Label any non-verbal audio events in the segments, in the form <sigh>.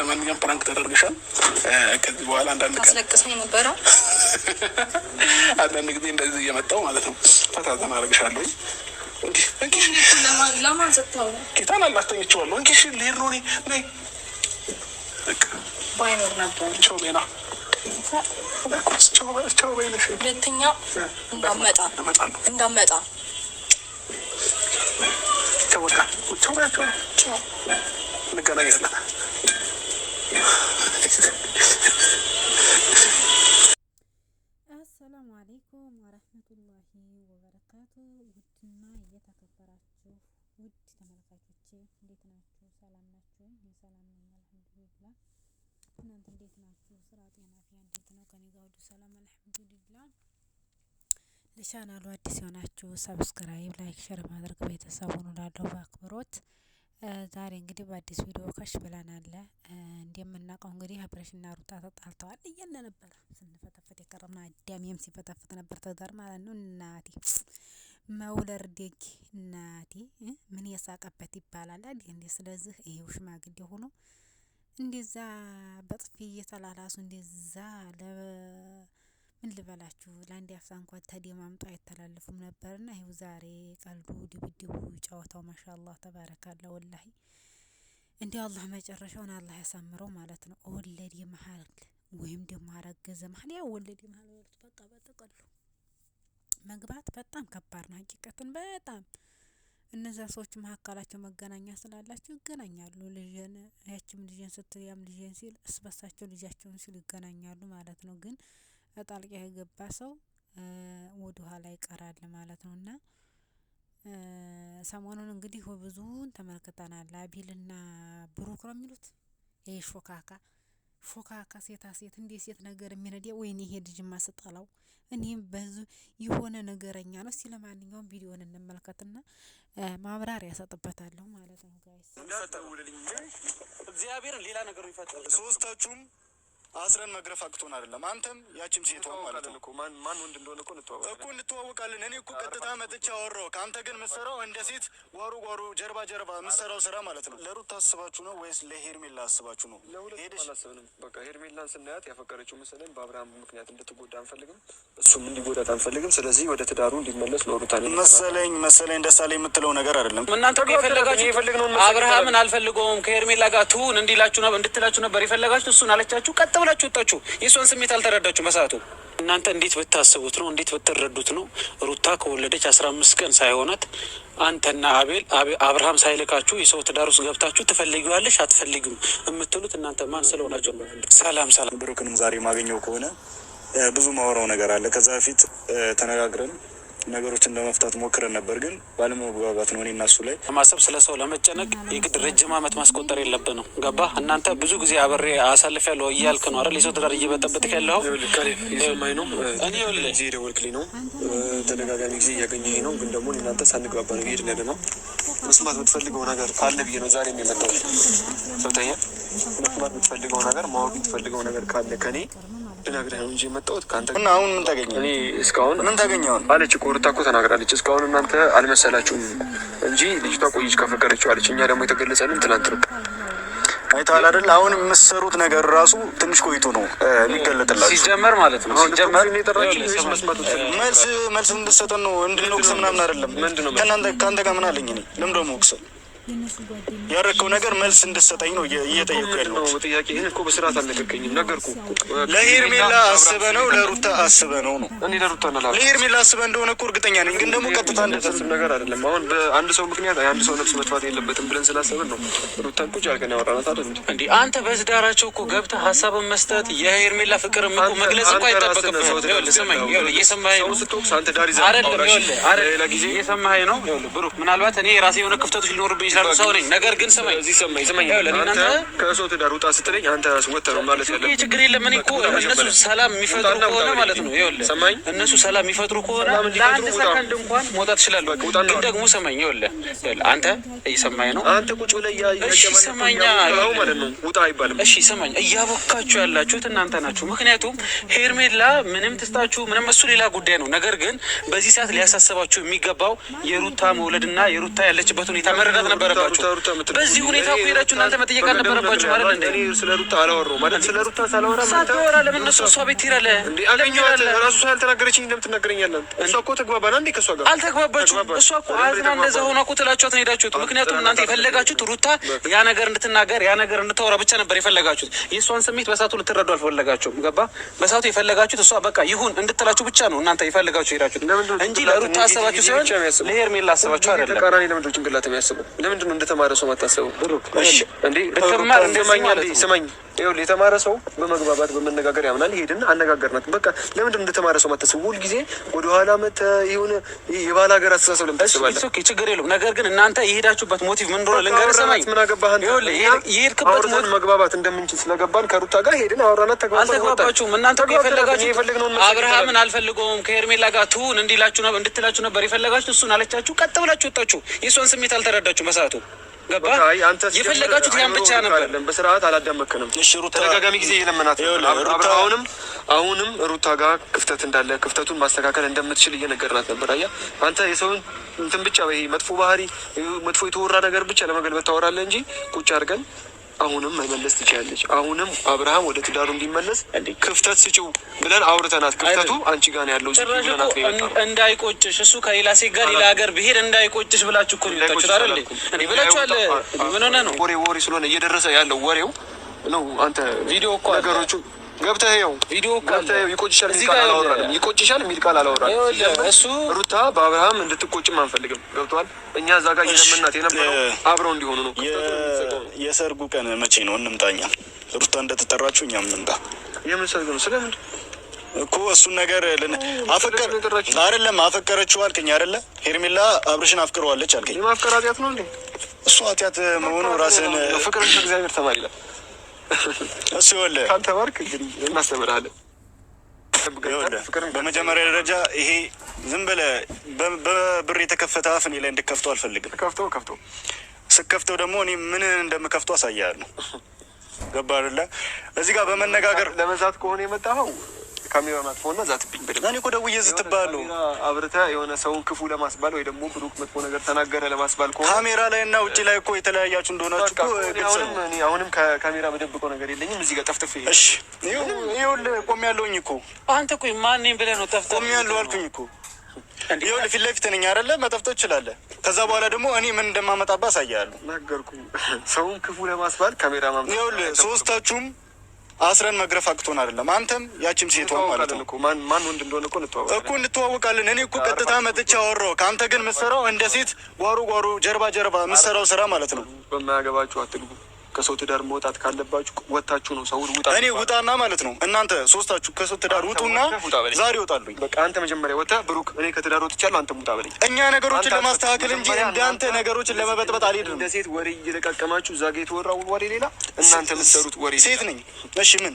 ለማንኛውም ፕራንክ ተደርግሻል። ከዚህ በኋላ አንዳንድ አስለቅሰኝ ነበረ። <laughs> አንዳንድ ጊዜ እንደዚህ እየመጣው ማለት ነው ፈታ አደርግሻለሁ። ጌታን አላስተኝቼዋለሁ። እንኪሽ ልሄድ ነው እኔ ባይኖር ነበር ቸው ሌና እንዳመጣ እንዳመጣ እንገናኛለን። አሰላሙ አሌይኩም ወረህመቱላሂ ወበረካቱ። ውድና እየተከበራችሁ ውድ ተመልካቾቼ እንዴት ናችሁ? ሰላም ናችሁ? ሰላም ነኝ አልሐምዱሊላህ። እናንተ እንዴት ናችሁ? ስራ፣ ጤና፣ ፊያ እንዴት ነው? ከኔ ጋር ሁሉ ሰላም አልሐምዱሊላህ። ለቻናሉ አዲስ የሆናችሁ ሰብስክራይብ፣ ላይክ፣ ሸር ማድረግ ቤተሰቡን ላለው በአክብሮት ዛሬ እንግዲህ በአዲስ ቪዲዮ ከሽ ብለናል። እንደምናውቀው እንግዲህ አብርሽና ሩታ ተጣልተዋል እያለ ነበረ ስንፈተፍት የቀረምና አዳሜም ሲፈተፍት ነበር። ትዳር ማለት ነው። እናቴ መውለር ደግ እናቴ ምን የሳቀበት ይባላል አይደል እንዴ? ስለዚህ ይሄው ሽማግሌ ሆኖ እንደዛ በጥፊ እየተላላሱ እንደዛ ለ ምን ልበላችሁ ለአንድ አፍታ እንኳን ተደማምጦ አይተላለፉም ነበርና ይኸው ዛሬ ቀልዱ፣ ድብድቡ፣ ጨዋታው ማሻአላህ ተባረካላ ወላሂ እንዲያው አላህ መጨረሻውን አላህ ያሳምረው ማለት ነው። ወለድ መሀል ወይም ደግሞ አረገዘ መሀል ያው ወለድ መሀል ወልድ በቃ በጥቅሉ መግባት በጣም ከባድ ነው። ሀቂቀትን በጣም እነዛ ሰዎች መካከላቸው መገናኛ ስላላቸው ይገናኛሉ። ልጅን ያችም ልጅን ስትያም ልጅን ሲል እስበሳቸው ልጃቸውን ሲሉ ይገናኛሉ ማለት ነው ግን ጣልቃ የገባ ሰው ወደ ኋላ ይቀራል ማለት ነው። እና ሰሞኑን እንግዲህ ብዙውን ተመልክተናል አቤልና ብሩክ ነው የሚሉት ይሄ ሾካካ ሾካካ ሴታ ሴት እንዴ ሴት ነገር የሚነዳ ወይኔ ይሄ ልጅ ስጠላው እኔም በዙ የሆነ ነገረኛ ነው። እስቲ ለማንኛውም ቪዲዮን እንመልከትና ማብራሪያ ያሰጥበታለሁ ማለት ነው ጋይስ። እግዚአብሔርን ሌላ ነገር ይፈጠ ሶስታችሁም አስረን መግረፍ አቅቶን አይደለም። አንተም ያችም ሴቷ ማለት ነው ማን ማን ወንድ እንደሆነ እኮ እኮ እንተዋወቃለን። እኔ እኮ ቀጥታ መጥቻ ወረው ከአንተ ግን የምትሰራው እንደ ሴት ጓሮ ጓሮ፣ ጀርባ ጀርባ የምትሰራው ስራ ማለት ነው። ለሩት አስባችሁ ነው ወይስ ለሄርሜላ አስባችሁ ነው? ለሁለት አላሰብንም። በቃ ሄርሜላን ስናያት ያፈቀረችው መሰለኝ። በአብርሃም ምክንያት እንድትጎዳ አንፈልግም፣ እሱም እንዲጎዳት አንፈልግም። ስለዚህ ወደ ትዳሩ እንዲመለስ ለሩት ለሩታ መሰለኝ መሰለኝ ደሳለኝ የምትለው ነገር አይደለም። እናንተ የፈለጋችሁ አብርሃምን አልፈልገውም ከሄርሜላ ጋር ትሁን እንዲላችሁ እንድትላችሁ ነበር የፈለጋችሁ እሱን አለቻችሁ ቀጥ ብላችሁ ወጣችሁ። የእሷን ስሜት አልተረዳችሁ በሰዓቱ እናንተ እንዴት ብታስቡት ነው? እንዴት ብትረዱት ነው? ሩታ ከወለደች አስራ አምስት ቀን ሳይሆናት አንተና አቤል አብርሃም ሳይልካችሁ የሰው ትዳር ውስጥ ገብታችሁ ትፈልጊዋለሽ አትፈልጊም የምትሉት እናንተ ማን ስለሆናቸው? ሰላም ሰላም። ብሩክንም ዛሬ ማገኘው ከሆነ ብዙ ማወራው ነገር አለ። ከዛ በፊት ተነጋግረን ነገሮችን ለመፍታት ሞክረን ነበር፣ ግን ባለመግባባት ነው። እኔ እና እሱ ላይ ማሰብ ስለ ሰው ለመጨነቅ የግድ ረጅም ዓመት ማስቆጠር የለብንም። ገባ? እናንተ ብዙ ጊዜ አብሬ አሳልፍ ያለው እያልክ ነው አይደል? የሰው ትዳር እየበጠበጥክ ያለው እየሰማኝ ነው። እኔ ጊዜ የደወልክልኝ ነው፣ ተደጋጋሚ ጊዜ እያገኘኝ ነው። ግን ደግሞ እናንተ ሳንግባባ ነው ሄድ ያለ ነው። መስማት የምትፈልገው ነገር ካለ ብዬ ነው ዛሬ የመጣሁት። ሰብተኛ መስማት የምትፈልገው ነገር ማወቅ የምትፈልገው ነገር ካለ ከኔ ልነግርህ ነው እንጂ የመጣሁት ከአንተ እና አሁን ምን ታገኘ? እስካሁን ምን ታገኘውን አለች እኮ ሩታ እኮ ተናግራለች። እስካሁን እናንተ አልመሰላችሁም እንጂ ልጅቷ ቆየች ከፈቀደችው አለች። እኛ ደግሞ የተገለጸንም ትናንት ነው። አይተዋል አይደል? አሁን የምሰሩት ነገር ራሱ ትንሽ ቆይቶ ነው የሚገለጥላችሁ። ሲጀመር ማለት ነው ሲጀመር መልስ መልስ እንድሰጠን ነው እንድንወቅስ ምናምን አይደለም። ከእናንተ ከአንተ ጋር ምን አለኝ እኔ ለምን ደግሞ ወቅሰል ያረከው ነገር መልስ እንድሰጠኝ ነው እየጠየቁ ያለው ጥያቄ። ይህን እኮ በስርዓት አልነገርከኝም። ነገርኩ ለሄርሜላ አስበ ነው ለሩታ አስበ ነው ነው እኔ ለሩታ ና ለሄርሜላ አስበ እንደሆነ እኮ እርግጠኛ ነኝ፣ ግን ደግሞ ቀጥታ እንደፈጽም ነገር አይደለም። አሁን በአንድ ሰው ምክንያት አንድ ሰው ነፍስ መጥፋት የለበትም ብለን ስላሰብን ነው ሩታን ቁጭ አድርገን ያወራናት አይደል እንዴ? አንተ በትዳራቸው እኮ ገብተህ ሀሳብን መስጠት የሄርሜላ ፍቅር እኮ መግለጽ እኮ አይጠበቅም። እየሰማኸኝ ነው ብሩክ፣ ምናልባት እኔ የራሴ የሆነ ክፍተቶች ሊኖርብኝ የሚሰሩ ሰው ነኝ። ነገር ግን ስማኝ ስማኝ፣ እናንተ ከሰው ትዳር ውጣ ስትለኝ አንተ ራስ ወጥተህ ነው ማለት ያለ ችግር የለም። እኔ እኮ እነሱ ሰላም የሚፈጥሩ ከሆነ ማለት ነው ይኸውልህ፣ ሰማኝ፣ እነሱ ሰላም የሚፈጥሩ ከሆነ ለአንድ ሰከንድ እንኳን መውጣት እችላለሁ። ግን ደግሞ ሰማኝ፣ ይኸውልህ፣ አንተ እየሰማኝ ነው። አንተ ቁጭ ብለህ እሺ፣ ስማኝ ማለት ነው ውጣ አይባልም። እሺ፣ ሰማኝ፣ እያቦካችሁ ያላችሁት እናንተ ናችሁ። ምክንያቱም ሄርሜላ ምንም ትስታችሁ ምንም፣ እሱ ሌላ ጉዳይ ነው። ነገር ግን በዚህ ሰዓት ሊያሳስባችሁ የሚገባው የሩታ መውለድና የሩታ ያለችበት ሁኔታ መረዳት ነበር። ነበረባችሁ። በዚህ ሁኔታ እኮ ሄዳችሁ እናንተ መጠየቅ አልነበረባችሁ ማለት እንደ ስለ ሩታ አላወራሁም ማለት ስለ ሩታ ሳላወራ ሳትወራ ለምን እነሱ እሷ ቤት ትሄዳለህ? ራሱ ሳልተናገረችኝ ለምን ትናገረኛለህ? እሷ እኮ ተግባባን አንዴ ከእሷ ጋር አልተግባባችሁም። እሷ እኮ አዝና እንደዛ ሆና እኮ ትላችኋት ነው የሄዳችሁት። ምክንያቱም እናንተ የፈለጋችሁት ሩታ ያ ነገር እንድትናገር ያ ነገር እንድታወራ ብቻ ነበር የፈለጋችሁት። የእሷን ስሜት በሳቱ ልትረዱ አልፈለጋችሁም። ገባ በሳቱ የፈለጋችሁት እሷ በቃ ይሁን እንድትላችሁ ብቻ ነው እናንተ የፈለጋችሁ ሄዳችሁት እንጂ ለሩታ አሰባችሁ ሲሆን ለሄርሜላ አሰባችሁ አይደለም። ለምንድን ነው እንደተማረ ሰው ማታሰቡ? ስማኝ፣ የተማረ ሰው በመግባባት በመነጋገር ያምናል። ሄድን፣ አነጋገርናት። በቃ ለምንድን ነው እንደተማረ ሰው ማታሰቡ? ሁልጊዜ ወደኋላ መተ የሆነ የባለ ሀገር አስተሳሰብ ለምታስባለ ችግር የለውም። ነገር ግን እናንተ የሄዳችሁበት ሞቲቭ ምን እንደሆነ ልንገርህ። ስማኝ፣ ምን አገባህ አንተ? መግባባት እንደምንችል ስለገባን ከሩታ ጋር ሄድን፣ አወራናት፣ ተግባባን። አልተግባባችሁም እናንተ የፈለጋችሁ አብርሃምን አልፈልገውም ከሄርሜላ ጋር ትሁን እንዲላችሁ እንድትላችሁ ነበር የፈለጋችሁ። እሱን አለቻችሁ፣ ቀጥ ብላችሁ ወጣችሁ። የእሷን ስሜት አልተረዳችሁ መሳ በሰዓቱ ገባ የፈለጋችሁት ያን ብቻ ነበር። በስርዓት አላዳመክንም። ተደጋጋሚ ጊዜ የለመናት አሁንም አሁንም ሩታ ጋር ክፍተት እንዳለ ክፍተቱን ማስተካከል እንደምትችል እየነገርናት ነበር። አያ አንተ የሰውን እንትን ብቻ መጥፎ ባህሪ መጥፎ የተወራ ነገር ብቻ ለመገልበጥ ታወራለህ እንጂ ቁጭ አድርገን አሁንም መመለስ ትችላለች። አሁንም አብርሃም ወደ ትዳሩ እንዲመለስ ክፍተት ስጭው ብለን አውርተናት ክፍተቱ አንቺ ጋር ያለው እንዳይቆጭሽ እሱ ከሌላ ሴት ጋር ሌላ ሀገር ብሄድ እንዳይቆጭሽ ብላችሁ እኮ ብላችኋል። ምን ሆነ ነው ወሬ ወሬ ስለሆነ እየደረሰ ያለው ወሬው ነው። አንተ ቪዲዮ እኮ ነገሮቹ ገብተህ ይኸው ቪዲዮ ይቆጭሻል የሚል ቃል አላወራንም። እሱ ሩታ በአብርሃም እንድትቆጭም አንፈልግም። ገብተዋል። እኛ እዛ ጋር እየለመናት የነበረው አብረው እንዲሆኑ ነው። የሰርጉ ቀን መቼ ነው? እንምጣ እኛ ሩታ እንደተጠራችሁ እኛም እንምጣ። የምን ሰርግ ነው? ስለምንድን እኮ እሱን ነገር አይደለም። አፈቀረችው አልከኝ አይደለ? ሄርሜላ አብርሽን አፍቅረዋለች አልከኝ። ማፍቀር ኃጢአት ነው እንዴ? እሱ ኃጢአት መሆኑ ራስን ፍቅር እግዚአብሔር ተማሪላል እሱ ይኸውልህ እናስተምርሃለን። በመጀመሪያ ደረጃ ይሄ ዝም ብለህ በብር የተከፈተ አፍ እኔ ላይ እንድከፍተው አልፈልግም። ከፍተው ከፍተው ስከፍተው ደግሞ እኔ ምን እንደምከፍተው አሳያለሁ። <laughs> ገባህ አይደለ? እዚህ ጋር በመነጋገር ለመዛት ከሆነ የመጣኸው ካሜራ መጥፎ መጥፎና ዛትብኝ በደምብ እኔ እኮ ደውዬ ስትባል ነው አብርተህ የሆነ ሰውን ክፉ ለማስባል ወይ ደግሞ ብሩክ መጥፎ ነገር ተናገረ ለማስባል ከሆነ ካሜራ ላይ እና ውጭ ላይ እኮ የተለያያችሁ እንደሆናችሁ እኮ አሁንም ከካሜራ መደብቀው ነገር የለኝም። እዚህ ጋር ጠፍጥፍ ይሄ እሺ፣ ይኸውልህ ቆሜያለሁኝ እኮ አንተ እኮ ማን ነኝ ብለህ ነው ጠፍጥፍ ያለው አልኩኝ እኮ ይኸውልህ ፊት ለፊት ነኝ አይደለ? መጠፍጠው ይችላለ ከዛ በኋላ ደግሞ እኔ ምን እንደማመጣባ አሳያለሁ። ነገርኩህ፣ ሰውን ክፉ ለማስባል ካሜራ ማምጣት። ይኸውልህ ሶስታችሁም አስረን መግረፍ አቅቶን አይደለም። አንተም ያችም ሴቷ ማለት ነው ማን ወንድ እንደሆነ እኮ እንተዋወቃለን። እኔ እኮ ቀጥታ መጥቼ አወራሁ። ከአንተ ግን የምትሰራው እንደ ሴት ጓሮ ጓሮ፣ ጀርባ ጀርባ የምትሰራው ስራ ማለት ነው። በማያገባችሁ አትግቡ። ከሰው ትዳር መውጣት ካለባችሁ ወጣችሁ ነው። ሰው ውጣ እኔ ውጣና ማለት ነው። እናንተ ሶስታችሁ ከሰው ትዳር ውጡና ዛሬ ይወጣሉኝ። በቃ አንተ መጀመሪያ ወጣ ብሩክ፣ እኔ ከትዳር ወጥቻለሁ፣ አንተም ውጣ በለኝ። እኛ ነገሮችን ለማስተካከል እንጂ እንዳንተ ነገሮችን ለመበጥበጥ አልሄድም። እንደ ሴት ወሬ እየለቀቀማችሁ እዛ ጋ የተወራው ወሬ ሌላ፣ እናንተ የምትሰሩት ወሬ ሴት ነኝ። እሺ ምን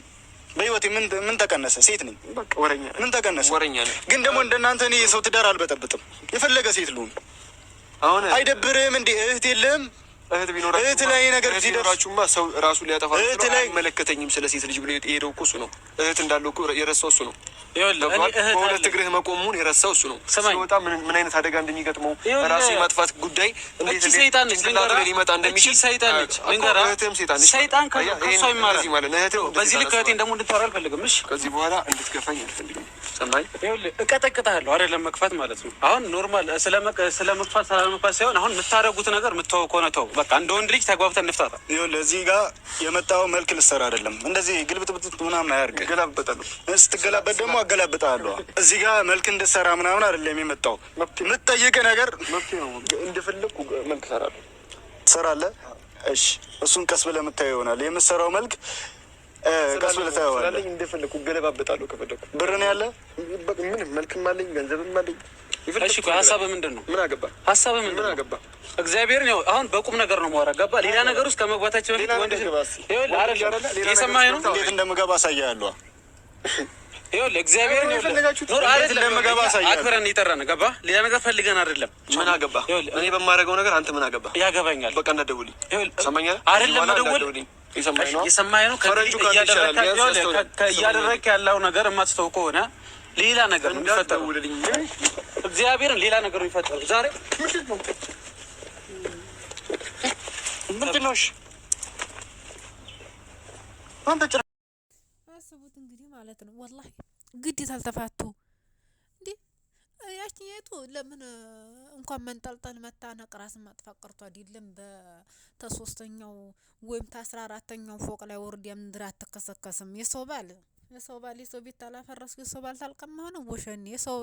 በህይወቴ ምን ምን ተቀነሰ? ሴት ነኝ። በቃ ወረኛ ምን ተቀነሰ? ወረኛ ነኝ። ግን ደግሞ እንደናንተ እኔ የሰው ትዳር አልበጠብጥም። የፈለገ ሴት ልሁን። አሁን አይደብርህም እንዴ? እህት የለህም እህት ቢኖራችሁ እህት ላይ ነገር ቢኖራችሁማ ሰው ራሱ ሊያጠፋ እህት ላይ አይመለከተኝም። ስለ ሴት ልጅ ብሎ የሄደው እኮ እሱ ነው። እህት እንዳለው እኮ የረሳው እሱ ነው። በሁለት እግርህ መቆሙን የረሳው እሱ ነው። ሲወጣ ምን አይነት አደጋ እንደሚገጥመው ራሱ የማጥፋት ጉዳይ ሊመጣ እንደሚችል ልክ እህቴን ደግሞ እንድታወራ አልፈልግም። ከዚህ በኋላ እንድትገፋኝ አልፈልግም። አይደለም ማለት ነው። አሁን ኖርማል ስለ ሳይሆን አሁን የምታደርጉት ነገር የምታወቀው ነው። ተው በቃ እንደ ወንድ ልጅ ተግባብተን እንፍታታ። እዚህ ጋር የመጣው መልክ ልሰራ አይደለም። እንደዚህ ግልብጥብጥ ምናምን አያርግ። ስትገላበጥ ደግሞ አገላብጣለሁ። እዚህ ጋር መልክ እንድሰራ ምናምን አይደለም የመጣው የምትጠይቅ ነገር እንደፈለግኩ መልክ እሰራለሁ። ትሰራለህ? እሺ፣ እሱን ቀስ ብለህ የምታየው ይሆናል። የምትሰራው መልክ ቀስ ብለህ ታየዋለህ። እንደፈለግኩ ገለባበጣለሁ። ከፈለግኩ ብር ነው ያለ ምንም መልክም አለኝ ገንዘብም አለኝ እሺ እኮ ሀሳብህ ምንድን ነው? ምን አገባህ? ሀሳብህ ምንድን ነው? እግዚአብሔር ነው። አሁን በቁም ነገር ነው የማወራህ። ገባህ? ሌላ ነገር ውስጥ ከመግባታችን በፊት ወንድህ የሰማኸኝ ነው። እንዴት እንደምገባ አሳያለሁ። ይኸውልህ እግዚአብሔር ነው ኖር አክብረን የጠራን ገባህ? ሌላ ነገር ፈልገን አይደለም። ምን አገባህ? እኔ በማደርገው ነገር አንተ ምን አገባህ? ያገባኛል። በቃ እንዳትደውልልኝ። ይኸውልህ አይደለም መደወል የሰማኸኝ ነው። ከእንግዲህ ያለው ነገር የማትተው ከሆነ ሌላ ነገር ነው የሚፈጠረው። እግዚአብሔርን ሌላ ነገር ነው የሚፈጠረው። ዛሬ ምንድን ነው? እሺ አስቡት እንግዲህ ማለት ነው። ወላሂ ግዴታ አልተፋቱ እንዴ? ያችኛይቱ ለምን እንኳን መንጠልጠል መታነቅ ራስን ማጥፋት ቀርቶ አይደለም በተሶስተኛው ወይም ተአስራ አራተኛው ፎቅ ላይ ወርድ ምድር አትከሰከስም የሰው ባል የሰው ባል የሰው ቤት ታላፈረስኩ የሰው ባል ታልቀማ ሆነ ወሸኔ የሰው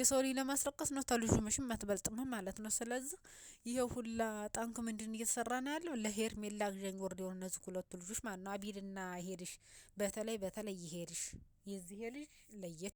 የሰው ልጅ ለማስለቀስ ነው። ታልጁ መሽም አትበልጥም ማለት ነው። ስለዚህ ይሄ ሁላ ጠንክ ምንድን እየተሰራ ነው ያለው ለሄርሜላ አግዣኝ ወርድ የሆነ እነዚህ ሁለቱ ልጆች ማለት ነው። አቢልና ሄድሽ በተለይ በተለይ ይሄድሽ የዚህ ልጅ ለየት